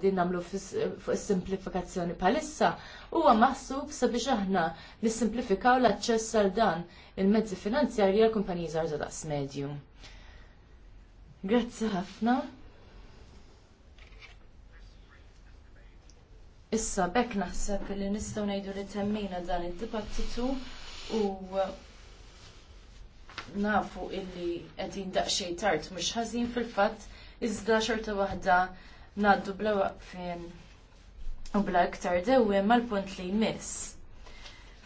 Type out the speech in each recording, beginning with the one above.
din namlu fuq simplifikazzjoni palissa huwa maħsub sabiex aħna nissimplifikaw l-aċċess għal dan il-mezzi finanzjarji għal kumpaniji żgħar daqs medju. Grazzi ħafna. Issa bekk naħseb li nistgħu ngħidu li temmina dan id-dibattitu u nafu illi qegħdin daqsxejn tard mhux ħażin fil-fatt iżda xorta waħda naddu bla waqfien u bla iktar dewwem mal-punt li jmiss.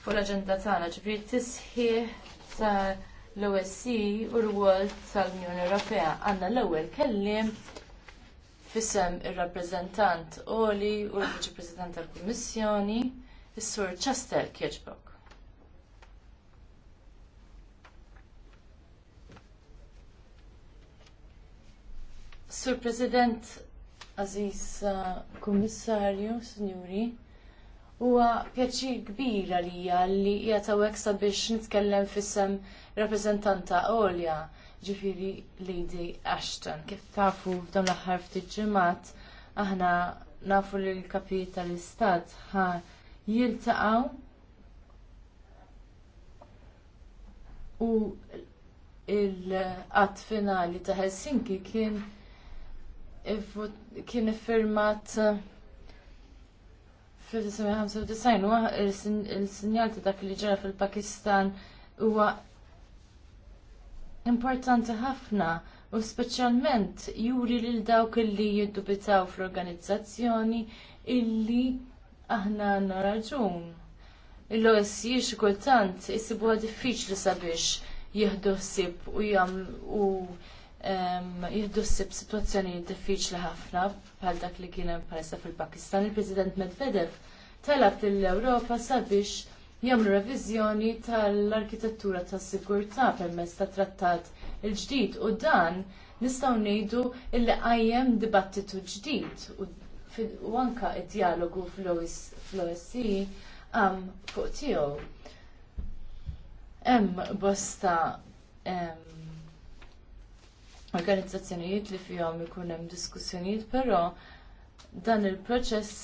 Fuq l-aġenda tagħna ġifieri tisħiħ ta' l-OSC u rwol tal-Unjoni Ewropea għandna l-ewwel kelliem fisem ir-rappreżentant Oli u l-Viċi President tal-Kummissjoni, is-Sur Chastel Kirchbock. Sur President, Aziz eh, Kummissarju, Signori. Huwa pjaċir kbir għalija li hija tawek sabiex nitkellem fissem rappreżentanta Olja, ġifiri Lady Ashton. Kif tafu dan l-aħħar ftit ġimgħat aħna nafu li l-kapi tal-istat ħa jiltaqgħu u l qatt finali ta' Helsinki kien kien iffirmat eh, fil-1995 il-sinjal ta' dak li ġara fil-Pakistan huwa importanti ħafna u speċjalment juri lil dawk illi jiddubitaw fl-organizzazzjoni illi aħna għandna raġun. Il-OSI xikultant diffiċ diffiċli sabiex jieħdu ħsieb u jam u jihdu s-sib situazzjoni diffiċli ħafna bħal dak li kien palissa fil-Pakistan. Il-President Medvedev talab l-Ewropa sabiex jagħmlu revizjoni tal-arkitettura tas-sigurtà permezz ta' trattat il-ġdid u dan nistgħu ngħidu li qajjem dibattitu ġdid u anke d-dialogu fl osi għam fuq tiegħu. Hemm bosta organizzazzjonijiet li fihom ikun hemm diskussjonijiet, però dan il-proċess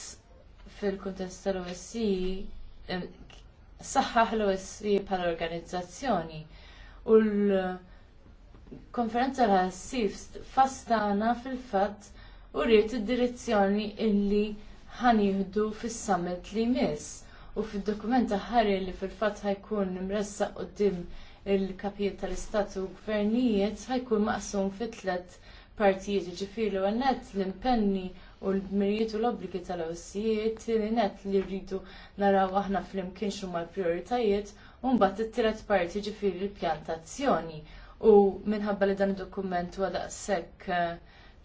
fil-kuntest tal osi saħħaħ l osi bħala organizzazzjoni u l-konferenza tal-ħassif fastana fil-fatt u rrit id-direzzjoni illi ħanieħdu fis-summit li jmiss u fid-dokument ħari li fil-fatt ħajkun imressaq quddiem il-kapijiet tal-istat u gvernijiet ħajkun maqsum fit tlet partijiet ġifieri u net l-impenni u l-mirijiet u l-obbligi tal-awsijiet e, li net li rridu naraw aħna fl-imkien xumma l-prioritajiet u mbagħad it-tielet parti ġifieri l-pjantazzjoni. U minħabba li dan id-dokument huwa daqshekk eh,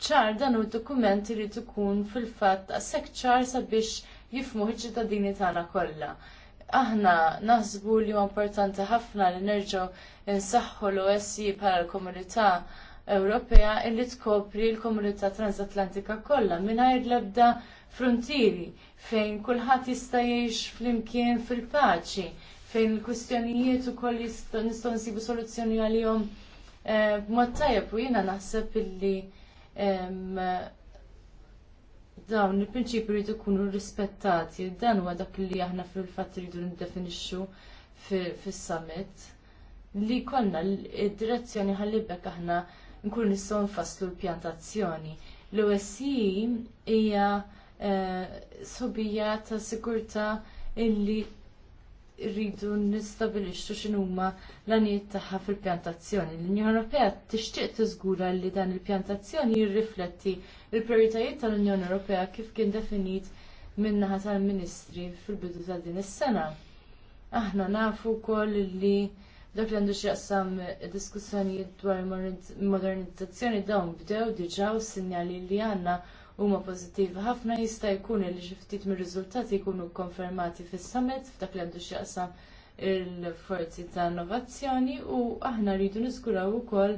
ċar dan hu dokument jrid ikun fil-fatt għasek ċar sabiex jifmu ċittadini tagħna kollha aħna naħsbu li huwa importanti ħafna li nerġgħu nsaħħu l-OSI bħala l-komunità Ewropea illi tkopri l-komunità transatlantika kollha mingħajr l-ebda frontieri fejn kulħadd jista' jgħix flimkien fil-paċi fejn il-kwistjonijiet ukoll nistgħu nsibu soluzzjoni għalihom eh, b'mod tajjeb u jiena naħseb illi dawn il-prinċipju rridu jkunu rispettati, dan huwa dak li aħna fil-fatt rridu niddefinixxu fis-summit li jkollna id-direzzjoni ħallibek aħna nkunu nistgħu nfasslu l-pjantazzjoni. L-OSCE hija eh, subija ta' sigurtà illi rridu nistabilixxu x'inhuma l-għanijiet tagħha fil-pjantazzjoni. L-Unjoni Ewropea tixtieq tiżgura li dan il-pjantazzjoni jirrifletti l prijoritajiet tal-Unjoni Ewropea kif kien definit min-naħa tal-Ministri fil-bidu ta' din is-sena. Aħna nafu wkoll li dak li għandu x'jaqsam diskussjonijiet dwar il modernizzazzjoni dawn bdew diġà u sinjali li għandna huma pożittivi ħafna jista' jkun li xi ftit mir-riżultati jkunu konfermati fis-summit f'dak li għandu x'jaqsam il-forzi ta' innovazzjoni u aħna rridu niżguraw ukoll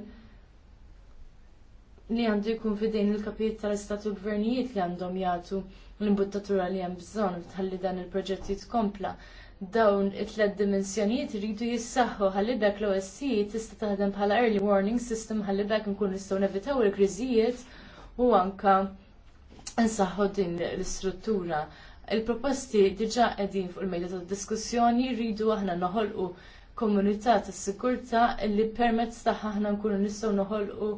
li għandu jkun fidejn il-kapijiet tal istat u gvernijiet li għandhom jagħtu l-imbuttatura li hemm bżonn tħalli dan il-proġett jitkompla dawn it-tlet dimensjonijiet iridu jissaħħu ħalli dak l-OSC tista' taħdem bħala early warning system ħalli dak nkun nistgħu nevitaw il-kriżijiet u anke nsaħħu din l-istruttura. Il-proposti diġa' qegħdin fuq il-mejda tad diskussjoni rridu aħna noħolqu komunità tas sigurtà li permezz tagħha aħna nkunu nistgħu noħolqu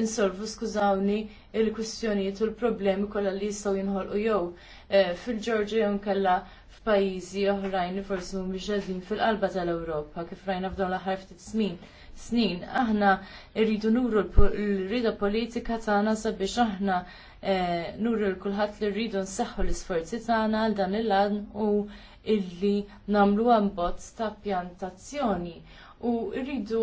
insolvu skużawni l kwistjonijiet u l-problemi kollha li jistgħu jinħolqu jew e, fil-Ġorġi jew nkella f'pajjiżi oħrajn li forsi mhumiex qegħdin fil-qalba tal-Ewropa kif rajna f'dawn l-aħħar ftit snin snin, aħna rridu nuru l-rida politika tagħna sabiex aħna Eh, nurru l-kulħadd li rridu nsaħħu l-isforzi tagħna għal dan il-lan u illi nagħmlu bozz ta' pjantazzjoni u rridu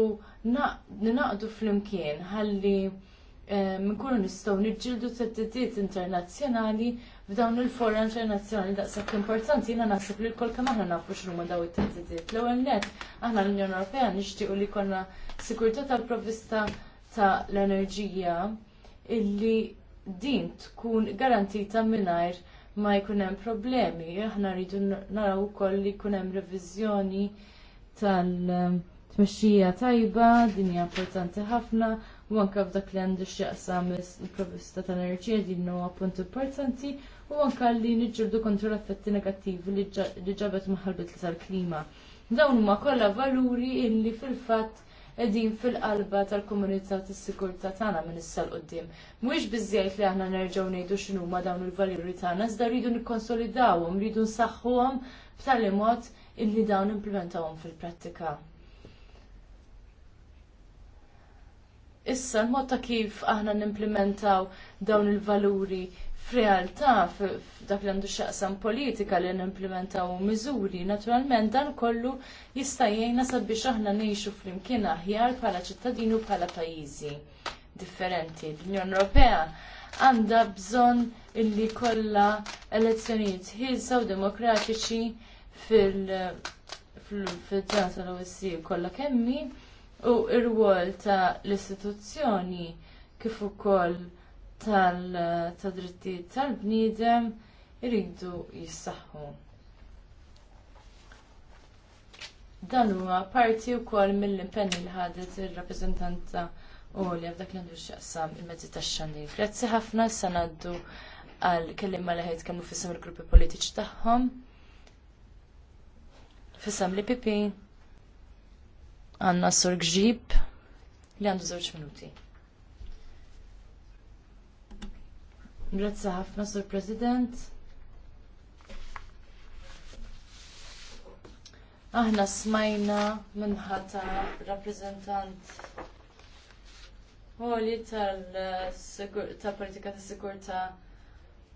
ninaqdu fl-imkien ħalli eh, nkunu nistgħu niġġieldu t-teddidiet internazzjonali f'dawn il-fora internazzjonali daqshekk importanti jiena naħseb li l-kol kemm aħna nafu x'huma daw it-teddidiet. L-ewwel nett aħna l-Unjoni Ewropea nixtiequ li jkollna sikurtà tal-provvista tal-enerġija illi din tkun garantita mingħajr ma jkun hemm problemi. Aħna rridu naraw ukoll li jkun hemm reviżjoni tal-tmexxija tajba, din hija importanti ħafna, u anke f'dak li għandu x'jaqsam il-provista tal-enerġija din huwa punt importanti, u anke li niġġieldu kontru l-effetti negattivi li ġabet maħalbit tal-klima. Dawn huma kollha valuri illi fil-fatt qegħdin fil-qalba tal-komunità tas-sigurtà tagħna minn is l qudiem Mhuwiex biżejjed li aħna nerġgħu ngħidu x'inhu ma dawn il-valuri tagħna, iżda rridu nikkonsolidawhom, rridu nsaħħuhom b'tali mod illi dawn implementawhom fil-prattika. Issa l-mod ta' kif aħna nimplementaw dawn il-valuri f'realtà dak li għandu xaqsam politika li nimplementaw miżuri, naturalment dan kollu jista' sabbi sabiex aħna ngħixu flimkien aħjar bħala ċittadini u bħala pajjiżi differenti. L-Unjoni Ewropea għandha bżonn illi kolla elezzjonijiet hilsa u demokratiċi fil- fil-ġan tal-OSC kollha kemmi u r wol ta' l-istituzzjoni kif ukoll tal-drittijiet tal-bniedem iridu jissaħħu. Dan huwa parti wkoll mill-impenn li ħadet ir-rappreżentanta u li għabdak l-għandu xaqsam il-mezzi tax-xandir. Grazzi ħafna sanaddu għal kellimma li ħajt kemmu fissam il-gruppi politiċi tagħhom. Fissam li pipi għanna sur gġib li għandu żewġ minuti. Grazie ħafna, Sur President. Aħna smajna minħata rappresentant għoli tal-politika ta' sigurta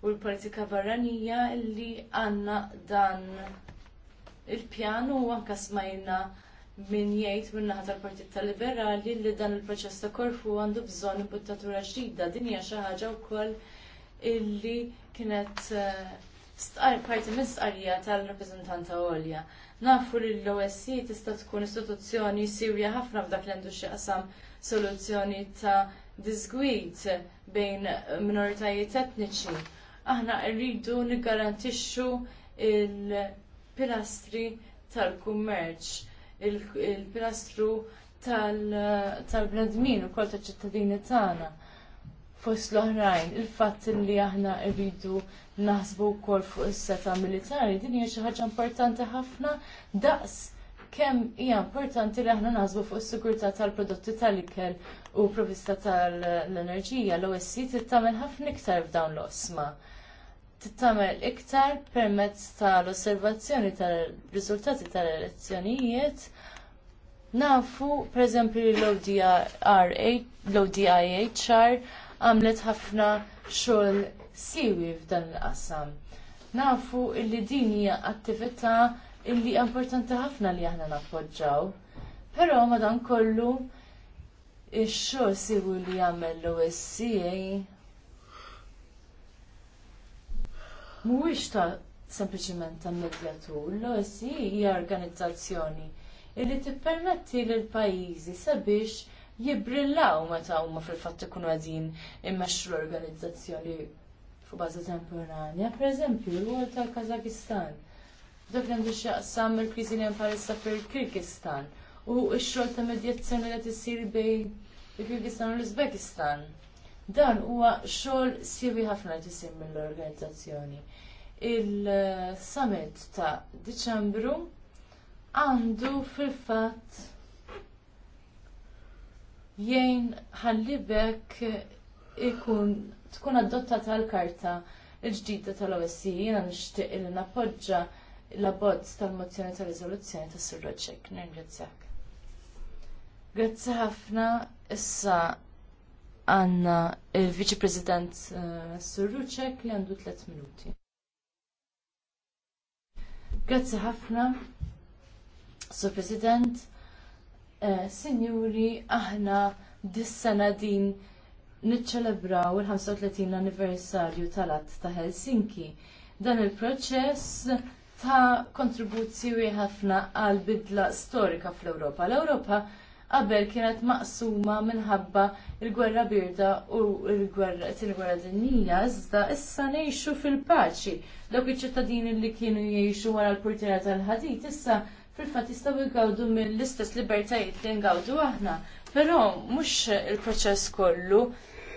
u l-politika barranija illi għanna dan il-pjan u anka smajna minn jgħid minnaħata naħa tal-Partit tal-Liberali li dan il-proċess ta' Korfu għandu bżonn imbuttatura ġdida. Din hija xi ħaġa wkoll illi kienet eh, stqar parti minn stqarrija tal-rappreżentanta Olja. Nafu li l-OSC tista' tkun istituzzjoni sirja ħafna f'dak li għandu xi qasam soluzzjoni ta' disgwid bejn minoritajiet etniċi. Aħna rridu niggarantixxu il pilastri tal-kummerċ, il-pilastru tal-bnedmin kol taċ ċittadini tagħna fost l-oħrajn. Il-fatt li aħna rridu naħsbu wkoll fuq is-seta militari din hija xi ħaġa importanti ħafna daqs kemm hija importanti li aħna naħsbu fuq is-sigurtà tal-prodotti tal-ikel u provvista tal-enerġija l-OSC tittamel ħafna iktar f'dawn l-osma. Tittamel iktar permezz tal-osservazzjoni tal-riżultati tal-elezzjonijiet Nafu, per eżempju, l-ODIHR għamlet ħafna xogħol siwi f'dan il-qasam. Nafu illi din hija attività illi importanti ħafna li aħna nappoġġaw. Però madan kollu ix-xogħol siwi li jagħmel l-OSCA mhuwiex ta' sempliċiment ta' medjatur, l-OSCA hija organizzazzjoni illi tippermetti lill pajjiżi sabiex Jibrillaw meta huma fil-fatt ikunu għadin immexxu l-organizzazzjoni fuq bażi temporanja. Pereżempju, l-għol tal-Kazakistan. Dak li għandu xaqsam il-kriżi li parissa fil-Kirkistan u x-xogħol ta' medjazzjoni li tissir bejn il-Kirkistan u l-Uzbekistan. Dan huwa xogħol sievi ħafna li tisir mill-organizzazzjoni. Il-summit ta' Diċembru għandu fil-fatt Jien ħallibek ikun tkun adottata l-karta l-ġdida tal-OSCE jiena nixtieq li nappoġġa l-abbozz tal-mozzjoni ta' riżoluzzjoni ta' Sir Roċek. Ningrazzjak. Grazzi ħafna issa għanna il-Viċi President eh, Sir li għandu 3 minuti. Grazzi ħafna, Sir President. Eh, sinjuri, aħna dis-sena din niċċelebraw il-35 anniversarju tal-att ta' Helsinki. Dan il-proċess ta' kontribuzzjoni ħafna għal bidla storika fl-Ewropa. L-Ewropa qabel kienet maqsuma minħabba l gwerra birda u l-gwerra til-gwerra dinjija, iżda issa ngħixu fil-paċi. Dawk iċ-ċittadini li kienu jgħixu wara l-portiera tal-ħadit issa fil-fatt jistgħu jgawdu mill-istess libertajiet li ngawdu aħna. Però mhux il-proċess kollu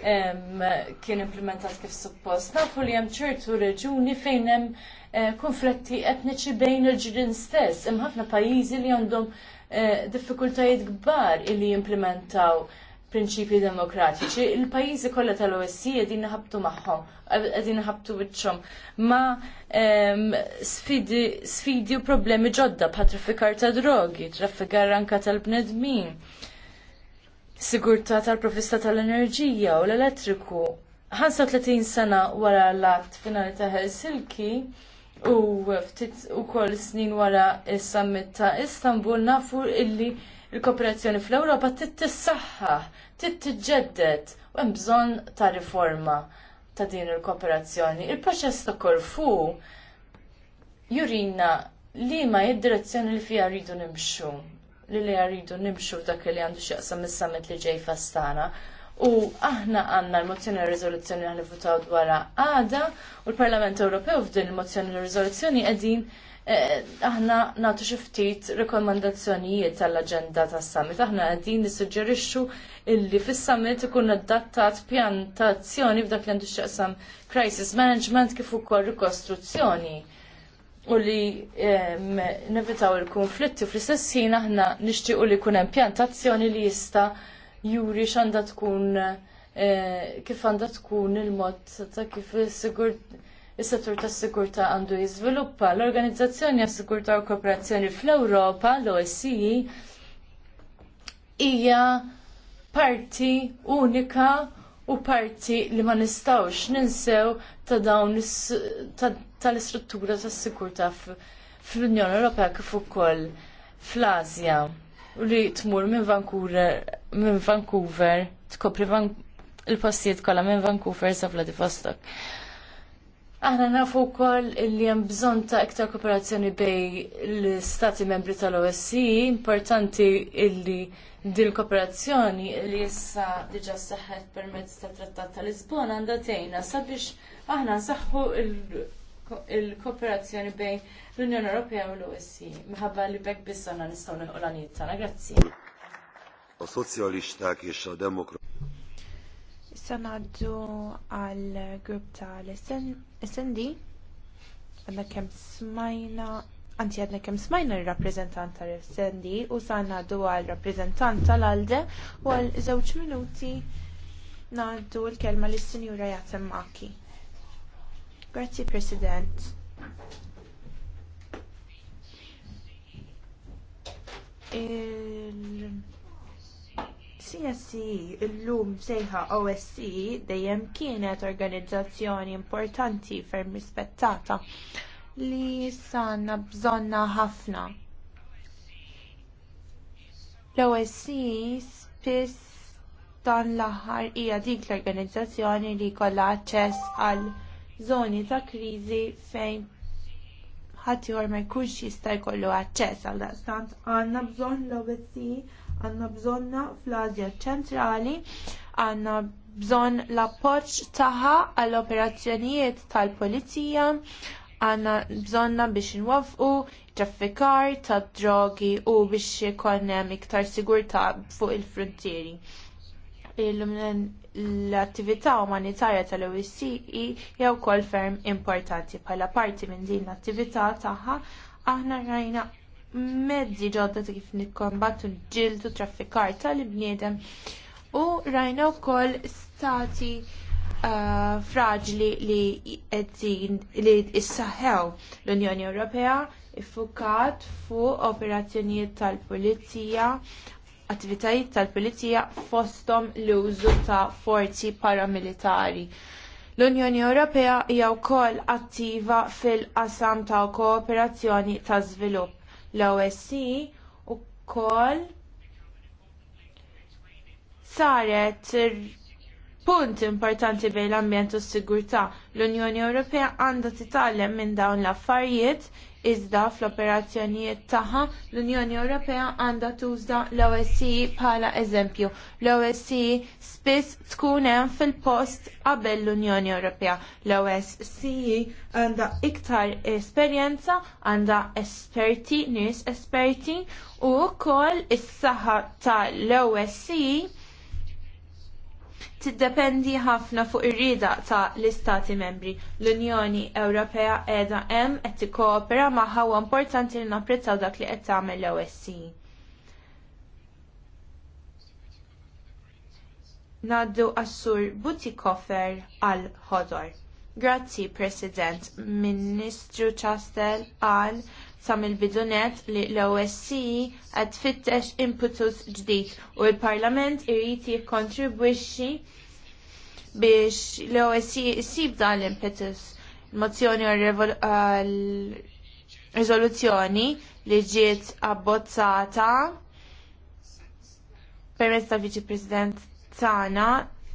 kien implementat kif suppost. Nafu li hemm ċertu reġuni fejn hemm eh, konfletti etniċi bejn il-ġirin stess, hemm ħafna pajjiżi li għandhom eh, diffikultajiet kbar illi jimplementaw prinċipji demokratiċi, il-pajjiżi kollha tal-OSC qegħdin ħabtu magħhom, qegħdin naħabtu wiċċhom ma' ehm, sfidi u problemi ġodda bħal traffikar ta' drogi, traffikar anka tal-bnedmin, sigurtà tal profista tal-enerġija u l-elettriku. 35 sena wara l-att finali ta' Helsinki, U ftit ukoll snin wara is summit ta' Istanbul nafu illi il-kooperazzjoni fl trid tittissaħħa titġeddet u hemm bżonn ta' riforma ta' din il-kooperazzjoni. Il-proċess ta' Korfu jurina li ma id-direzzjoni li fija rridu nimxu li li rridu nimxu dak li għandu xieqsam is-summit li ġej fastana u aħna għanna l-mozzjoni u rizoluzzjoni għan votaw dwarha għada u l-Parlament Ewropew f'din il-mozzjoni u rizoluzzjoni għedin eh, aħna natu xiftit rekomandazzjonijiet tal-agenda tas summit aħna għedin nissuġġerixxu illi fis-summit ikun adattat pjan ta' azzjoni f'dak li għandu x'jaqsam crisis management kif ukoll rikostruzzjoni u li eh, nevitaw il-konflitti fl-istess ħin aħna nixtiequ li jkun hemm pjantazzjoni li jista' juri xanda tkun eh, kif għandha tkun il-mod ta' kif is-settur tas-sigurtà għandu jiżviluppa. L-Organizzazzjoni għas-Sigurtà u Kooperazzjoni fl-Ewropa, l-OSCE, hija parti unika u parti li ma nistawx ninsew ta' dawn tal-istruttura tas-sigurtà fl-Unjoni Ewropea kif ukoll fl azja u li tmur minn Vancouver minn Vancouver, tkopri il-postijiet kollha minn Vancouver sa Vladivostok. Aħna nafu wkoll li hemm bżonn ta' iktar kooperazzjoni bej l-Stati membri tal-OSCE, importanti illi din kooperazzjoni li issa diġà saħħet permezz tat Trattat ta' Lisbona għandha tgħinna sabiex aħna nsaħħu il-kooperazzjoni bejn l-Unjoni Ewropea u l-OSCE. Minħabba li bekk biss għanna nistgħu l għolani tagħna. Grazzi a szocialisták és a Issa ngħaddu għal grupp tal-SND għandna kem smajna Anzi għadna kemm smajna r-rappreżentant tal-SND u sa ngħaddu għal rappreżentant tal-ALDE u għal żewġ minuti ngħaddu l-kelma lis-Sinjura Jatemaki. Grazzi President. Il CSE illum sejħa OSCE dejjem kienet organizzazzjoni importanti ferm rispettata li sanna bżonna ħafna. L-OSCE spiss dan l-aħħar hija dik l-organizzazzjoni li jkollha aċċess għal żoni ta' kriżi fejn ħadd ma jkunx jista' jkollu aċċess għal għandna bżonn l osc e għandna bżonna fl-Azja ċentrali, għandna bżonn l-appoġġ tagħha għall-operazzjonijiet tal-Pulizija, għandna bżonna biex inwaffqu traffikar ta' drogi u biex ikun hemm iktar sigurtà fuq il-frontieri l-attività umanitarja tal-OSCE e hija wkoll ferm importanti bħala parti minn din l-attività tagħha aħna rajna mezzi ġodda ta' kif nikkombattu l traffikar tal-bniedem u rajna wkoll stati uh, fraġli li qegħdin li issaħħew l-Unjoni Ewropea iffukat fuq operazzjonijiet tal-pulizija attivitajiet tal-pulizija fosthom l-użu ta' forzi paramilitari. L-Unjoni Ewropea hija wkoll attiva fil-qasam ta' kooperazzjoni ta' żvilupp L-OSC u koll saret punt importanti bejn l-ambjent u s-sigurtà. L-Unjoni Ewropea għandha titgħallem minn dawn l-affarijiet iżda fl-operazzjonijiet tagħha l-Unjoni Ewropea għandha tuża l-OSCE bħala eżempju. L-OSCE spiss tkun hemm fil-post qabel l-Unjoni Ewropea. L-OSCE għandha iktar esperjenza, għandha esperti, nies esperti u wkoll is-saħħa tal-OSCE tiddependi ħafna fuq ir-rieda ta' l-Istati membri. L-Unjoni Ewropea qiegħda hemm qed tikkoopera magħha u importanti li napprezzaw dak li qed tagħmel l-OSCE. Naddu għas-Sur Butikofer għal ħodor. Grazzi, President. Ministru Chastel għal sa mill-bidunet li l-OSC għad fittex inputus ġdid u l-Parlament irrit jikkontribwixxi biex l-OSC jisib dan l-impetus mozzjoni għal riżoluzzjoni li ġiet abbozzata permezz ta' viċi President Tana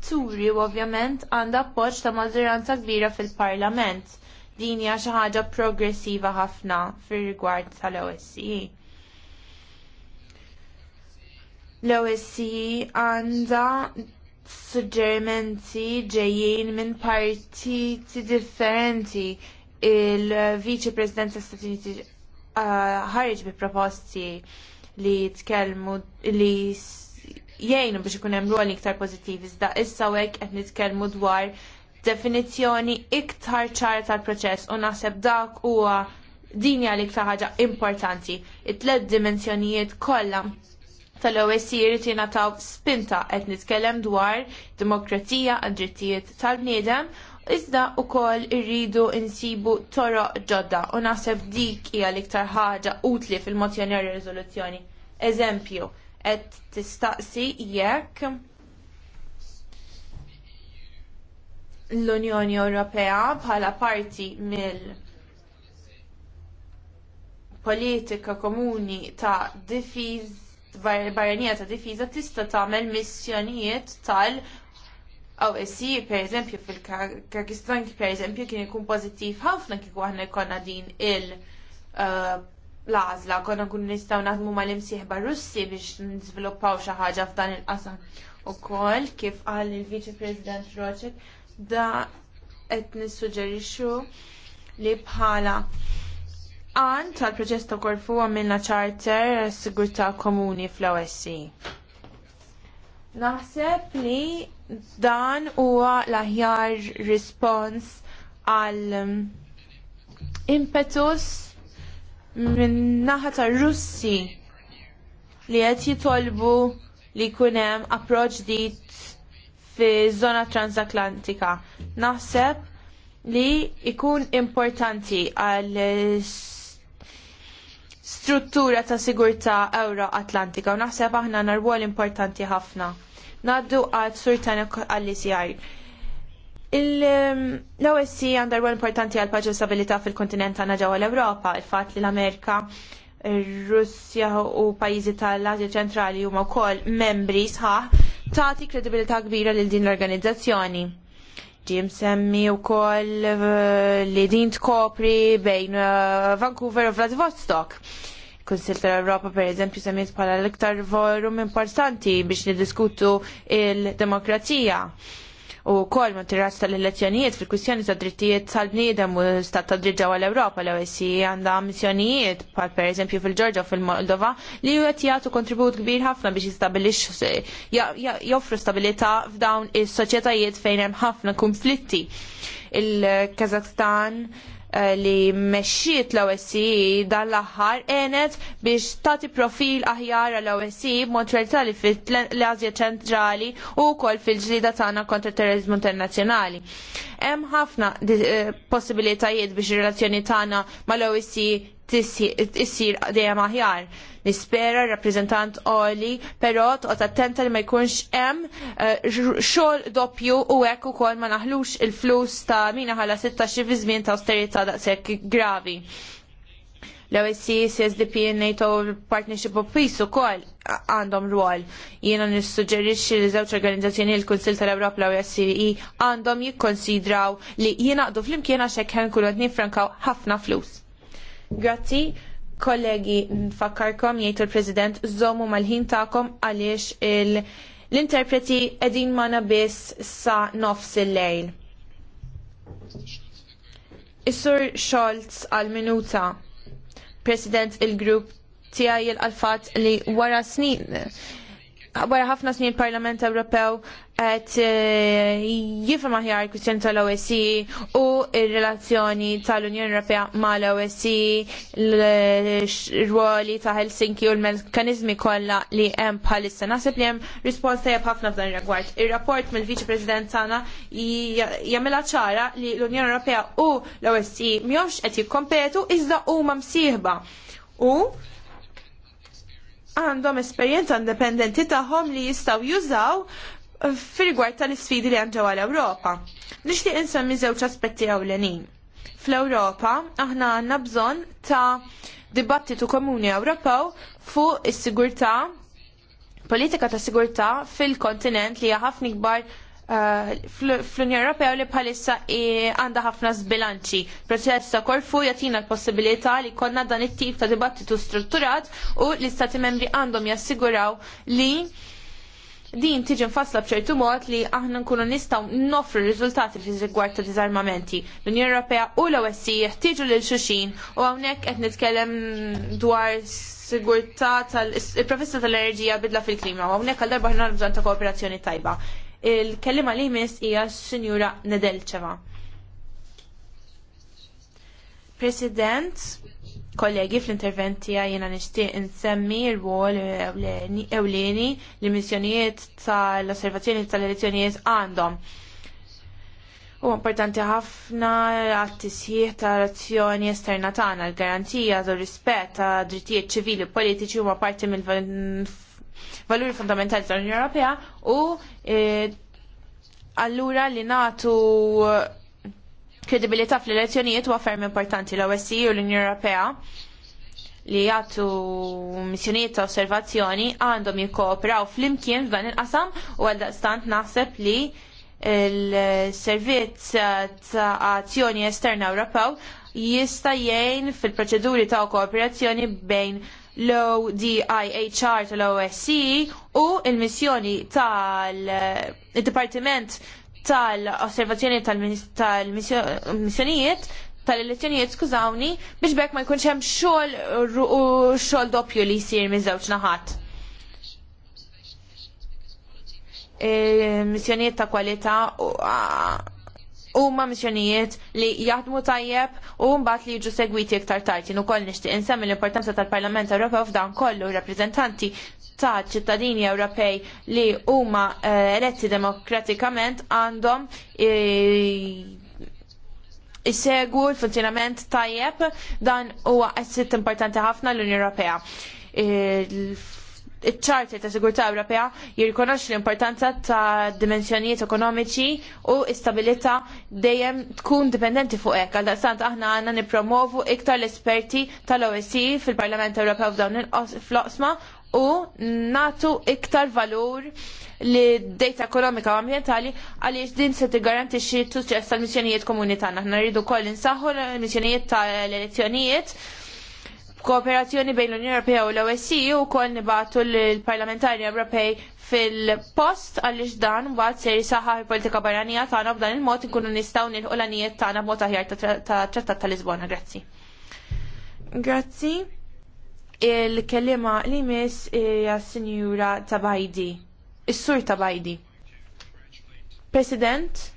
turi ovvjament għandha poċ ta' maġġoranza kbira fil-Parlament din hija xi ħaġa progressiva ħafna fir-rigward tal-OSCE. L-OSCE għandha suġġerimenti ġejjin minn partiti differenti il-Viċi President tas Stati Uniti uh, ħareġ bi proposti li tkellmu li jgħinu biex ikun hemm ruoli iktar pożittivi iżda issa hekk qed nitkellmu dwar definizzjoni iktar ċara tal-proċess u naħseb dak huwa din hija l-iktar ħaġa importanti. It-tlet dimensjonijiet kollha tal-OSC jrid jingħataw spinta qed nitkellem dwar demokrazija għad drittijiet tal-bniedem iżda wkoll irridu insibu toroq ġodda u naħseb dik hija l-iktar ħaġa utli fil-mozzjoni għal riżoluzzjoni. Eżempju, qed tistaqsi jekk l-Unjoni Ewropea bħala parti mill politika komuni ta' difiż barranija ta' difiża tista' tagħmel missjonijiet tal OSI per eżempju fil-Kakistan per eżempju kien ikun pożittiv ħafna kieku aħna konna din il- uh, l-għażla konna kun nistgħu naħdmu mal imsieħ Russi biex nżviluppaw xi ħaġa f'dan il-qasam ukoll kif qal il-Viċi President Roċek da qed nissuġġerixxu li bħala għan tal-proċess ta' Korfu għamilna charter s-sigurtà komuni fl-OSI. Naħseb li dan huwa l-aħjar rispons għal um, impetus minn naħa tar Russi li qed jitolbu li jkun hemm di fi zona transatlantika. Naħseb li ikun importanti għal struttura ta' sigurtà Ewro Atlantika u naħseb aħna narwol importanti ħafna. Naddu għal surtan għall-ICR. Ehm, L-OSC għandar rwol importanti għal paċi stabilita fil-kontinent għana ġewwa l europa il-fatt li l-Amerika Russja u pajjiżi tal-Azja ċentrali huma wkoll membri sħaħ tagħti kredibilità kbira lil din l-organizzazzjoni. Ġim semmi u koll eh, li din tkopri bejn eh, Vancouver u Vladivostok. Kunsil tal-Europa per eżempju semmiet pala l-iktar forum importanti biex nidiskutu il-demokrazija. il demokrazija u kol tirras tal-elezzjonijiet fil-kwistjoni ta' drittijiet tal-bniedem u stat ta' dritt ġewwa l-Ewropa l-OSI għandha missjonijiet bħal pereżempju fil-Ġorġa u fil-Moldova li qed jagħtu kontribut kbir ħafna biex jistabilix joffru stabilità f'dawn is-soċjetajiet fejn hemm ħafna konflitti. Il-Kazakhstan Eh, li mexxiet l-OSCE dan l-aħħar għenet biex tagħti profil aħjar għall osce b'mod reali fil-Azja ċentrali u wkoll fil-ġlida tagħna kontra terrorizmu internazzjonali. Hemm ħafna eh, possibilitajiet biex ir-relazzjoni tagħna mal-OSCE tissir dejjem aħjar nispera rappreżentant oli, però toqgħod attenta li ma jkunx hemm eh, xogħol doppju u hekk ukoll ma naħlux il-flus ta' mina ħala 16 fi żmien ta' austerità daqshekk gravi l-OSC, CSDP, NATO, Partnership of Peace u kol għandhom rwol. Jena nissuġġerixxi li żewġ organizzazzjoni l-Kunsil tal-Ewropa l osc e, għandhom jikkonsidraw li jena għadu fl-imkien għax hekk ħankunu qed nifrankaw ħafna flus. Grazzi, Kollegi, nfakkarkom jgħid il-President żommu mal-ħin tagħkom għaliex l-interpreti qegħdin mana biss sa nofs il-lejl. Is-Sur Scholz għal-minuta, President il-Grupp tiegħi l-alfat li wara snin wara ħafna snin il-Parlament Ewropew qed eh, jifhem aħjar kwistjoni tal-OSCE u r-relazzjoni tal-Unjoni Ewropea mal osc l ruoli ta' Helsinki u l-mekkaniżmi kollha li hemm bħalissa. Naħseb li hemm rispons tajjeb ħafna f'dan ir-rigward. Ir-rapport mill-Viċi President tagħna jagħmilha ċara li l-Unjoni Ewropea u l osc mhux qed jikkompetu iżda huma msieħba. U għandhom esperjenza indipendenti tagħhom li jistgħu jużaw eh, fil-gwar tal-sfidi li għanġaw għal-Europa. Nishtiq insemmi żewġ aspetti ewlenin. Fl-Europa aħna għandna bżonn ta' dibattitu komuni Ewropew fuq is-sigurtà politika ta' sigurtà fil-kontinent li hija ħafna kbar fl-Unjoni Ewropea li bħalissa għandha ħafna sbilanċi. Proċess ta' Korfu jagħtina l-possibilità li konna dan it-tip ta' dibattitu strutturat u l-Istati membri għandhom jassiguraw li din tiġi nfassla b'ċertu mod li aħna nkunu nistgħu nofru riżultati fi rigward ta' diżarmamenti. L-Unjoni Ewropea u l-OSC jeħtieġu lil xulxin u hawnhekk qed nitkellem dwar sigurtà tal-professa tal-enerġija bidla fil-klima u hawnhekk għal darba ħna bżonn ta' kooperazzjoni tajba. Il-kellima li jmiss hija s-Sinjura Nedelċeva. President, kollegi fl interventi tiegħi jiena nixtieq insemmi r-wol ewlieni l missjonijiet tal-osservazzjoni tal-elezzjonijiet għandhom. U importanti ħafna għat-tisħiħ ta' razzjoni esterna tagħna, l-garantija l rispett ta' drittijiet ċivili u politiċi huma parti mill valuri fundamentali tal-Unjoni Ewropea u e, allura li natu e, kredibilità fl-elezzjonijiet huwa ferm importanti l osce u l-Unjoni Ewropea li jagħtu missjonijiet ta' osservazzjoni għandhom jikkooperaw fl-imkien f'dan il-qasam u għaldaqstant naħseb li il-servizz ta' azzjoni esterna Ewropew jista' jgħin fil-proċeduri ta' kooperazzjoni bejn l-ODIHR tal-OSC u il-missjoni tal-Dipartiment eh, tal-Osservazzjoni tal-Missjonijiet tal-elezzjonijiet skużawni biex bekk ma jkunx hemm xogħol u xogħol doppju li jsir minn żewġ naħat. Eh, missjonijiet ta' kwalità huma missjonijiet li jaħdmu tajjeb u mbagħad li jiġu segwiti iktar tard Jien ukoll nixtieq insemmi l-importanza tal-Parlament Ewropew f'dan kollu rappreżentanti ta' ċittadini Ewropej li huma eh, eletti demokratikament għandhom eh, isegwu l-funzjonament tajjeb dan huwa asset importanti ħafna l-Unjoni Ewropea eh, il-ċarter ta' Sigurtà Ewropea jirrikonoxxi l-importanza ta' dimensjonijiet ekonomiċi u stabilità dejjem tkun dipendenti fuq hekk. Għaldaqstant aħna għandna nippromovu iktar l-esperti tal-OSI fil-Parlament Ewropew f'dawn il flosma u natu iktar valur li data ekonomika u ambientali għaliex din se tiggarantixxi t-suċċess tal-missjonijiet komuni tagħna. Aħna rridu wkoll insaħħu l-missjonijiet tal-elezzjonijiet kooperazzjoni bejn l-Unjoni Ewropea u l osi u kol nibatu l-parlamentari Ewropej fil-post għaliex dan bat se jisaħħaħ il-politika barranija tagħna b'dan il-mod inkunu nistgħu nilħu l anijiet tagħna b'mod aħjar ta' Trattat ta' Lisbona. Grazzi. Grazzi. Il-kelliema li miss hija Sinjura Tabajdi. Is-Sur Tabajdi. President,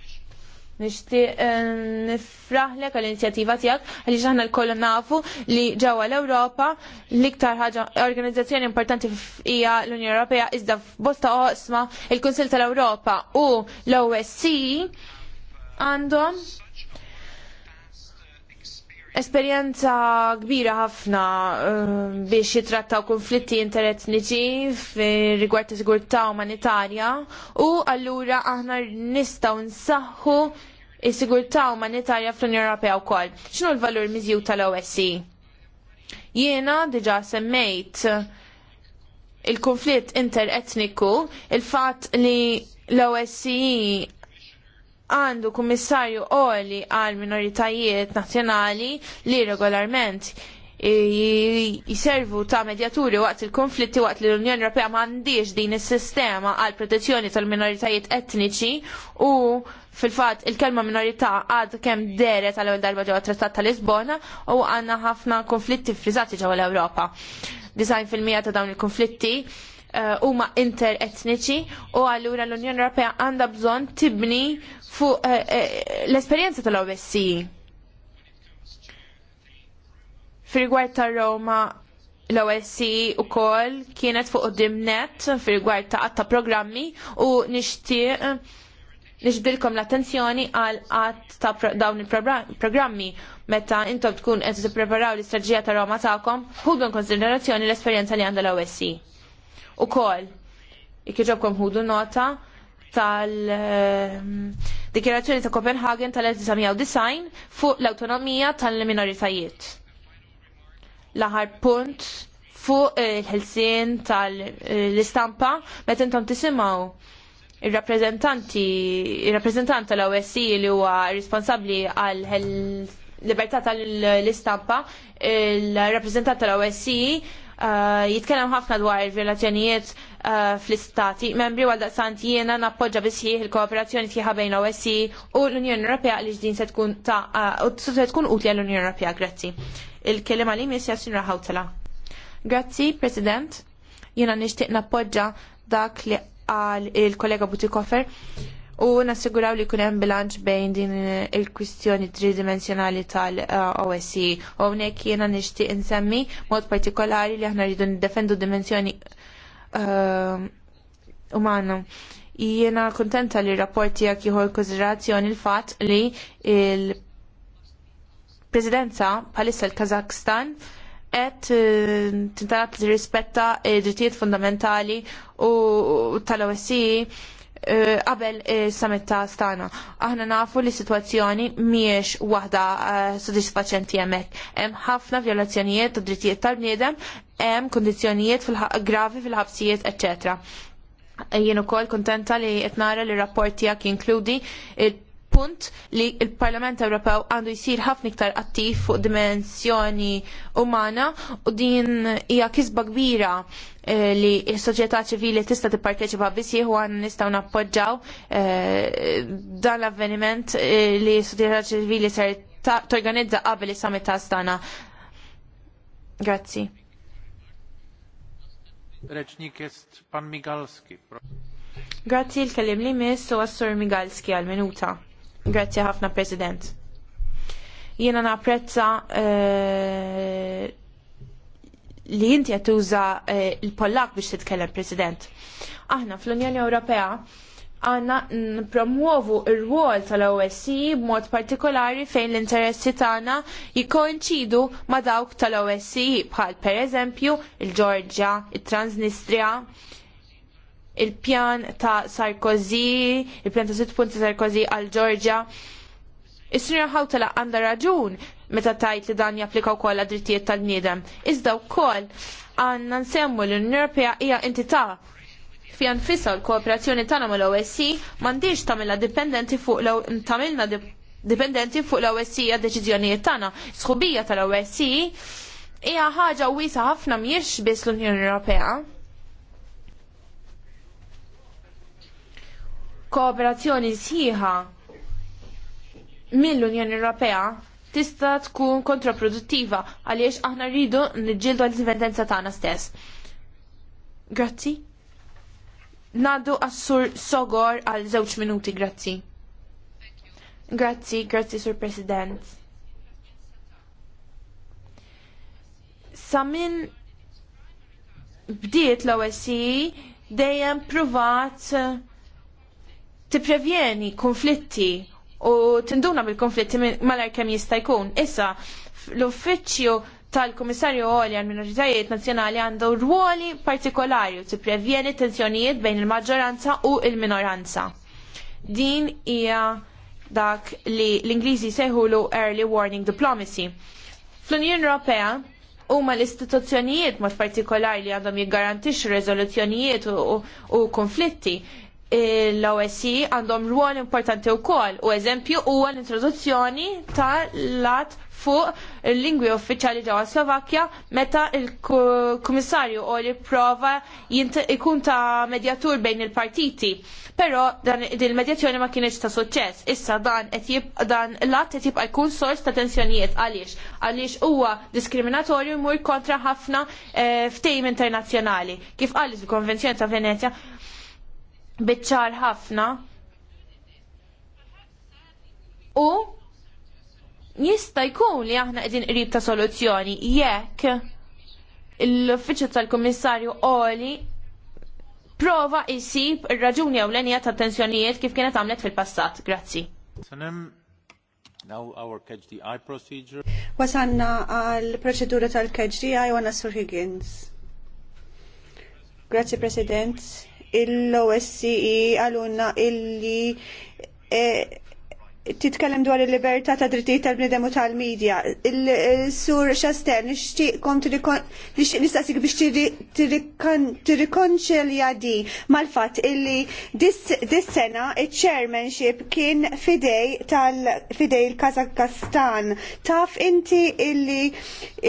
Nixtieq eh, nifraħlek għall inizjativa tiegħek għaliex aħna l kollu nafu li ġewwa l-Ewropa l-iktar ħaġa organizzazzjoni importanti fija l-Unjoni Ewropea iżda f'bosta oqsma il-Kunsill tal-Ewropa u l-OSC għandhom esperjenza kbira ħafna eh, biex jitrattaw konflitti interetniċi rigward sigurtà umanitarja u allura aħna nistgħu nsaħħu is-sigurtà umanitarja fl-Unjoni Ewropea wkoll. X'inhu l-valur miżju tal-OSCE? Jiena diġà semmejt il-konflitt interetniku, il-fatt li l-OSCE għandu kummissarju oli għal minoritajiet nazzjonali li regolarment jiservu ta' medjaturi waqt il-konflitti waqt li l-Unjoni Ewropea m'għandix din is-sistema għal protezzjoni tal-minoritajiet etniċi u Fil-fat, il-kelma minorità għad kem deret għal ewwel darba ġewwa Trattat ta' Lisbona u għandna ħafna konflitti frizzati ġewwa l-Ewropa. Design fil-mija ta' dawn il-konflitti eh, huma uh, interetniċi u allura l-Unjoni Ewropea għandha bżonn tibni fuq uh, uh, l-esperjenza tal obsi fil rigward ta' Roma l osc u kol kienet fuq dimnet fil rigward ta' għatta programmi u nixtieq nixbilkom l-attenzjoni għal għat ta' dawn il-programmi meta intom tkun qed tippreparaw l-istraġija ta' Roma tagħkom, ħudu konsiderazzjoni l-esperjenza li għandha l-OSI. Ukoll ikkiġobkom ħudu nota tal-Dikjerazzjoni eh, ta' Copenhagen tal-1990 fuq l-autonomija tal-minoritajiet. l punt fuq il-ħelsien tal-istampa eh, meta intom tisimgħu il-rappresentanti, il-rappresentant tal-OSI li huwa responsabli għal libertà tal-istampa, il-rappresentant tal-OSI uh, jitkellem ħafna dwar il-relazzjonijiet uh, fl-istati. Membri għal daqsant jiena nappoġġa bisħieħ il-kooperazzjoni tħiħa bejn OSI u l-Unjoni Ewropea li ġdin se tkun ta' uh, se tkun utli għall-Unjoni Ewropea, grazzi. Il-kelima li mis sinra Grazzi, President. Jiena nixtieq nappoġġa dak li għal il-kollega Butikoffer u nassiguraw li kunem bilanċ bejn din il-kwistjoni tridimensjonali tal-OSI. U hawnhekk jiena nixtieq insemmi mod partikolari li aħna rridu niddefendu dimensjoni eh, umana. Jiena kontenta li rapporti għak jħor konsiderazzjoni l-fatt li il-Presidenza palissa l-Kazakstan il qed eh, tintalab li rispetta id-drittijiet fundamentali u tal-OSCE eh, qabel is-summit eh, ta' stana. Aħna nafu li situazzjoni mhijiex waħda sodisfaċenti hemmhekk. Hemm ħafna violazzjonijiet ta' drittijiet tal-bniedem, hemm kundizzjonijiet gravi fil-ħabsijiet, eċċetera. Jien ukoll kontenta li qed nara li rapport tiegħek jinkludi punt li l parlament Ewropew għandu jsir ħafna iktar attiv fuq dimensjoni umana u din hija kisba kbira eh, li s-soċjetà ċivili tista' tipparteċipa biss jieħu għandna nistgħu nappoġġaw eh, dan l-avveniment eh, li s-soċjetà ċivili ser torganizza qabel is-summit ta' stana. Grazzi. Reċnik jest pan Migalski. Grazzi l-kellim li miss u għassur Migalski għal-minuta. Grazzi ħafna President. Jiena napprezza eh, li inti qed tuża l eh, il-Pollak biex titkellem President. Aħna fl-Unjoni Ewropea għanna promuovu r-wol tal-OSC b'mod partikolari fejn l-interessi tagħna jikkoinċidu ma' dawk tal-OSC bħal pereżempju il-Ġorġja, it-Transnistria, il il-pjan ta' Sarkozy, il-pjan ta' sitt punti Sarkozy għal Ġorġja. Is-sinjor Hawtala għandha raġun meta tajt li dan japplika wkoll għad-drittijiet tal-bniedem. Iżda wkoll għandna nsemmu l-Unjoni Ewropea hija entità fi anfissa l-kooperazzjoni tagħna mal-OSC m'għandix tagħmilha dipendenti fuq l tagħmilna dipendenti fuq l-OSC għad deċiżjonijiet tagħna. Sħubija tal-OSC hija ħaġa wiesa ħafna mhijiex biss l-Unjoni Ewropea. kooperazzjoni sħiħa mill-Unjoni Ewropea tista tkun kontraproduttiva għaliex aħna rridu nġildu għal-dipendenza tagħna stess. Grazzi. Nadu għassur sogor għal żewġ minuti, grazzi. Grazzi, grazzi, Sur President. Samin bdiet l-OSI dejjem provat tipprevjeni konflitti u tinduna bil-konflitti malar kemm jista' jkun. Issa l-uffiċċju tal-Komissarju Oli għal minoritajiet Nazzjonali għandu ruoli partikolari u tipprevjeni tensjonijiet bejn il-maġġoranza u il-minoranza. Din hija dak li l-Ingliżi seħulu Early Warning Diplomacy. Fl-Unjoni Ewropea huma l-istituzzjonijiet mod partikolari li għandhom jiggarantixxu reżoluzzjonijiet u, u konflitti l-OSI għandhom rwol importanti wkoll u eżempju huwa l-introduzzjoni ta' lat fuq il-lingwi uffiċjali ġewwa Slovakkja meta il-Kummissarju u li prova ikun ta' medjatur bejn il-partiti. Però dan il-medjazzjoni ma kienieċ ta' suċċess. Issa dan etjib dan l lat qed jibqa' jkun sors ta' tensjonijiet għaliex għaliex huwa diskriminatorju mur kontra ħafna eh, ftejm internazzjonali. Kif qalis il-Konvenzjoni ta' Venezja biċċar ħafna u jista' jkun li aħna qegħdin qrib ta' soluzzjoni jekk l-uffiċċju tal-Kummissarju Oli prova jsib ir-raġuni l-enja ta' tensjonijiet kif kienet għamlet fil-passat. Grazzi. Now our KGDI procedure. Wasanna għal proċedura tal kgdi the għana Sur Higgins. Grazie President l-OSCE għalunna illi eh, titkellem dwar il-libertà ta' drittijiet tal-bnidem u tal-medja. Il-sur Xaster, nixtieqkom nistaqsik biex tirrikonċelja di mal-fatt illi dis-sena il-chairmanship kien fidej tal-fidej il-Kazakastan. Taf inti illi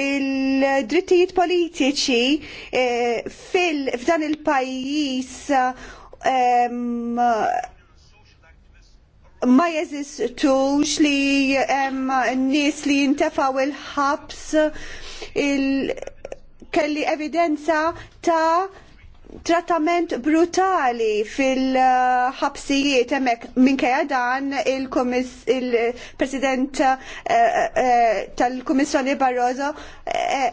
il-drittijiet politiċi eh, fil-fdan il-pajis ehm, ma jeżistux li hemm nies li jintefaw il-ħabs il kelli evidenza ta' trattament brutali fil-ħabsijiet hemmhekk minkejja dan il-president il eh, eh, tal-Kummissjoni Barroso eh,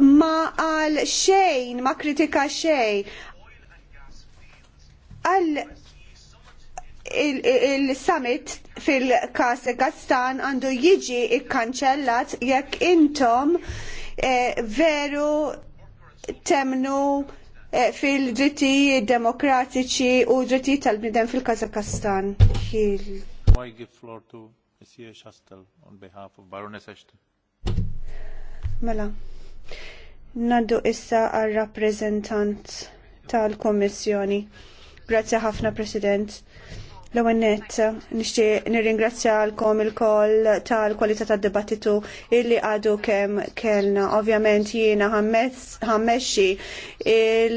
ma għal xejn, ma kritika xejn. Għal il-summit fil-kas għandu jiġi ikkanċellat jekk intom eh, veru temnu eh, fil-drittijiet demokratiċi u drittijiet tal-bnidem fil-Kazakastan. Why give floor to Monsieur Chastel on behalf of Baroness Ashton. Mela, naddu issa għal rappresentant tal-Kommissjoni. Grazie ħafna, President. L-għannet, nishti nirringrazzjalkom il-koll tal-kwalità tad dibattitu illi għadu kem kellna. Ovvjament jiena ħammexxi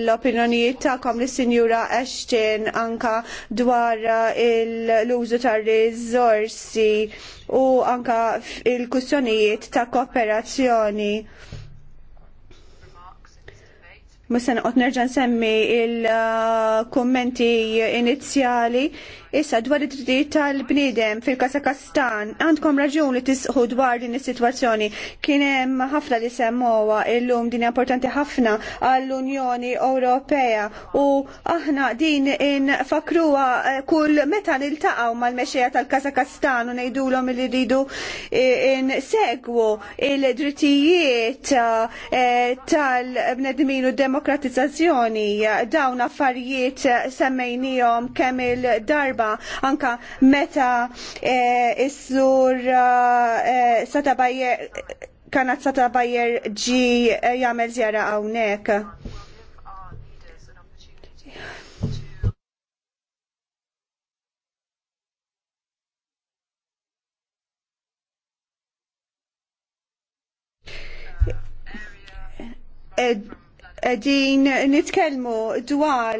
l-opinjonijiet kom li sinjura Ashton anka dwar l-użu tar rizorsi u anka il-kustjonijiet ta' kooperazzjoni. Musen qed nerġa' nsemmi il-kummenti inizjali Issa dwar id-drittijiet tal-bniedem fil-Kazakastan għandkom raġun li tisħu dwar din is-sitwazzjoni. Kien hemm ħafna li semmowa illum din importanti ħafna għall-Unjoni Ewropea u aħna din infakruha eh, kull meta niltaqgħu mal-mexxejja tal-Kazakastan u ngħidulhom li rridu eh, insegwu il-drittijiet eh, tal-bnedmin u d-demokratizzazzjoni dawn affarijiet semmejniehom kemm il-darba anka meta eh, is-sur eh, eh, sata bajjer kanat sata bajer ġi jagħmel żjara hawnhekk. Ed, din nitkellmu dwar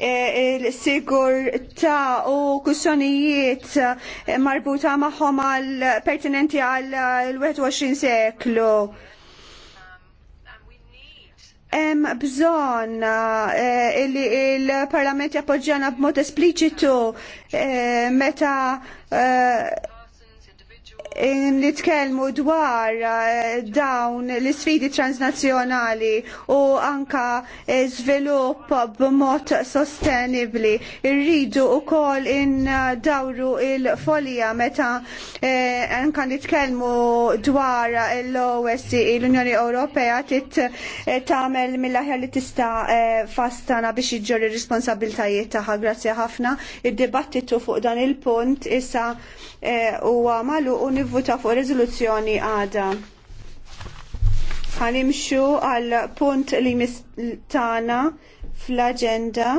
eh, il-sigurtà u kussjonijiet marbuta magħhom għal pertinenti għal 21 seklu hemm bżonn eh, illi li il-Parlament jappoġġana jappoġġjana b'mod espliċitu eh, meta Eh, nitkellmu dwar eh, dawn l isfidi transnazzjonali u anka żvilupp eh, b'mod sostenibbli. Irridu wkoll indawru l folija meta anka nitkellmu dwar l osc l-Unjoni Ewropea tit tagħmel mill-aħjar li tista' fastana biex iġġor ir-responsabbiltajiet tagħha. Grazzi ħafna. Id-dibattitu fuq dan il-punt issa Eh, u għamalu u nivvuta fuq rezoluzzjoni għada. Għanimxu għal punt li mistana fl-agenda.